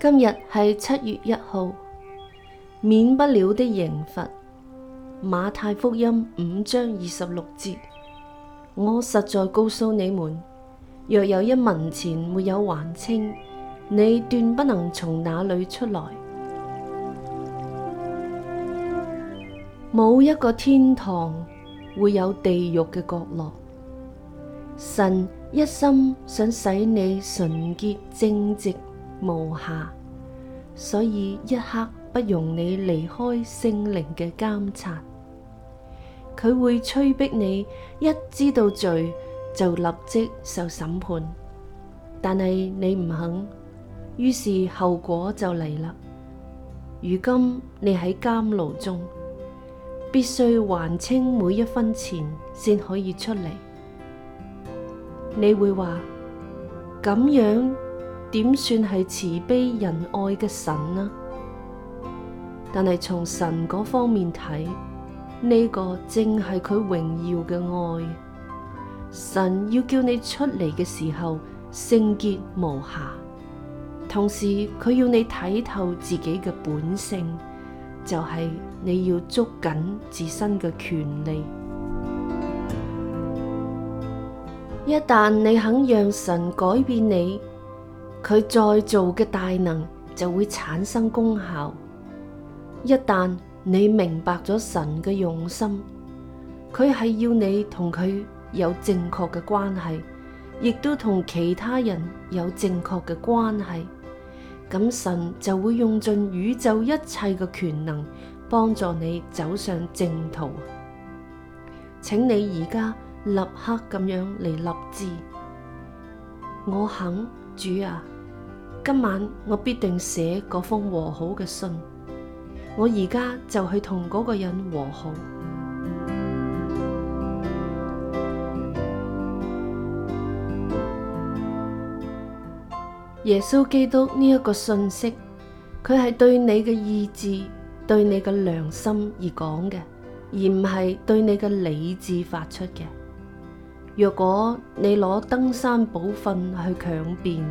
今日係七月一號，免不了的刑罰。馬太福音五章二十六節，我實在告訴你們，若有一文錢沒有還清，你斷不能從那裏出來。冇一個天堂會有地獄嘅角落。神一心想使你純潔正直無瑕，所以一刻不容你離開聖靈嘅監察。佢會催逼你，一知道罪，就立即受審判，但係你唔肯，於是後果就嚟啦。如今你喺監牢中，必須還清每一分錢，先可以出嚟。你會話咁樣點算係慈悲仁愛嘅神呢？但係從神嗰方面睇，呢、這個正係佢榮耀嘅愛。神要叫你出嚟嘅時候，聖潔無瑕；同時佢要你睇透自己嘅本性，就係、是、你要捉緊自身嘅權利。一旦你肯讓神改變你，佢再做嘅大能就會產生功效。一旦你明白咗神嘅用心，佢係要你同佢有正確嘅關係，亦都同其他人有正確嘅關係，咁神就會用盡宇宙一切嘅權能幫助你走上正途。請你而家。立刻咁樣嚟立志，我肯主啊！今晚我必定寫嗰封和好嘅信，我而家就去同嗰個人和好。耶穌基督呢一個信息，佢係對你嘅意志、對你嘅良心而講嘅，而唔係對你嘅理智發出嘅。若果你攞登山寶訓去強辯，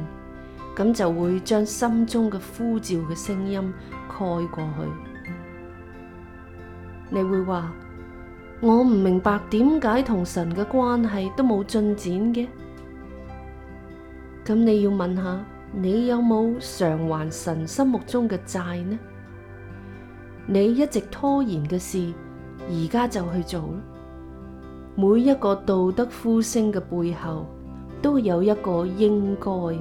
咁就會將心中嘅呼召嘅聲音蓋過去。你會話我唔明白點解同神嘅關係都冇進展嘅？咁你要問下，你有冇償還神心目中嘅債呢？你一直拖延嘅事，而家就去做咯。每一個道德呼聲嘅背後，都有一個應該。